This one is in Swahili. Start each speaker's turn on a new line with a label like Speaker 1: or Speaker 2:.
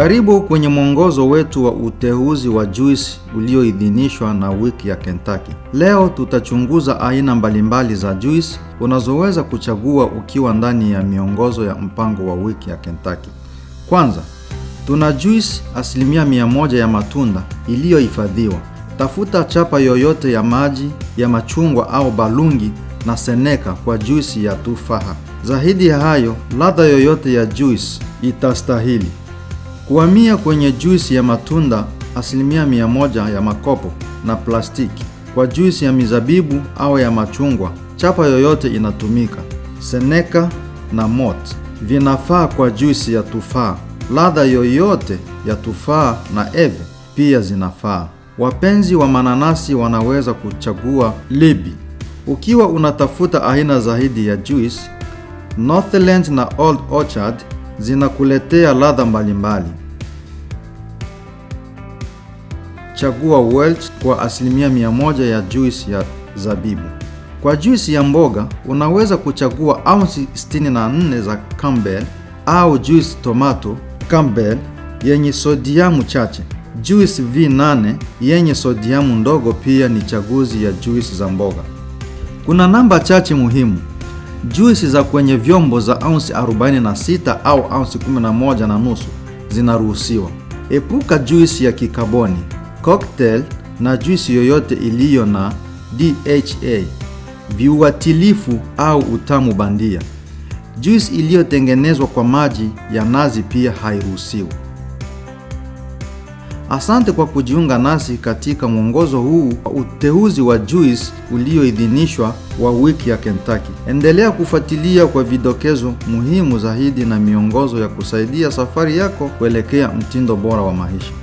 Speaker 1: Karibu kwenye mwongozo wetu wa uteuzi wa juisi ulioidhinishwa na wiki ya Kentucky. Leo tutachunguza aina mbalimbali za juisi unazoweza kuchagua ukiwa ndani ya miongozo ya mpango wa wiki ya Kentucky. Kwanza, tuna juisi asilimia mia moja ya matunda iliyohifadhiwa. Tafuta chapa yoyote ya maji ya machungwa au balungi na seneka kwa juisi ya tufaha. Zaidi ya hayo, ladha yoyote ya juisi itastahili. Kuhamia kwenye juisi ya matunda asilimia mia moja ya makopo na plastiki. Kwa juisi ya mizabibu au ya machungwa, chapa yoyote inatumika. seneka na mot vinafaa kwa juisi ya tufaa. Ladha yoyote ya tufaa na eve pia zinafaa. Wapenzi wa mananasi wanaweza kuchagua Libi. Ukiwa unatafuta aina zaidi ya juisi, Northland na Old Orchard zinakuletea ladha mbalimbali. Chagua Welch kwa asilimia mia moja ya juisi ya zabibu. Kwa juisi ya mboga unaweza kuchagua aunsi 64 za Campbell au juisi tomato Campbell yenye sodiamu chache. Juisi V8 yenye sodiamu ndogo pia ni chaguzi ya juisi za mboga. Kuna namba chache muhimu. Juisi za kwenye vyombo za aunsi 46 au aunsi 11 na nusu zinaruhusiwa. Epuka juisi ya kikaboni, cocktail na juisi yoyote iliyo na DHA, viuatilifu au utamu bandia. Juisi iliyotengenezwa kwa maji ya nazi pia hairuhusiwi. Asante kwa kujiunga nasi katika mwongozo huu wa uteuzi wa juice ulioidhinishwa wa wiki ya Kentucky. Endelea kufuatilia kwa vidokezo muhimu zaidi na miongozo ya kusaidia safari yako kuelekea mtindo bora wa maisha.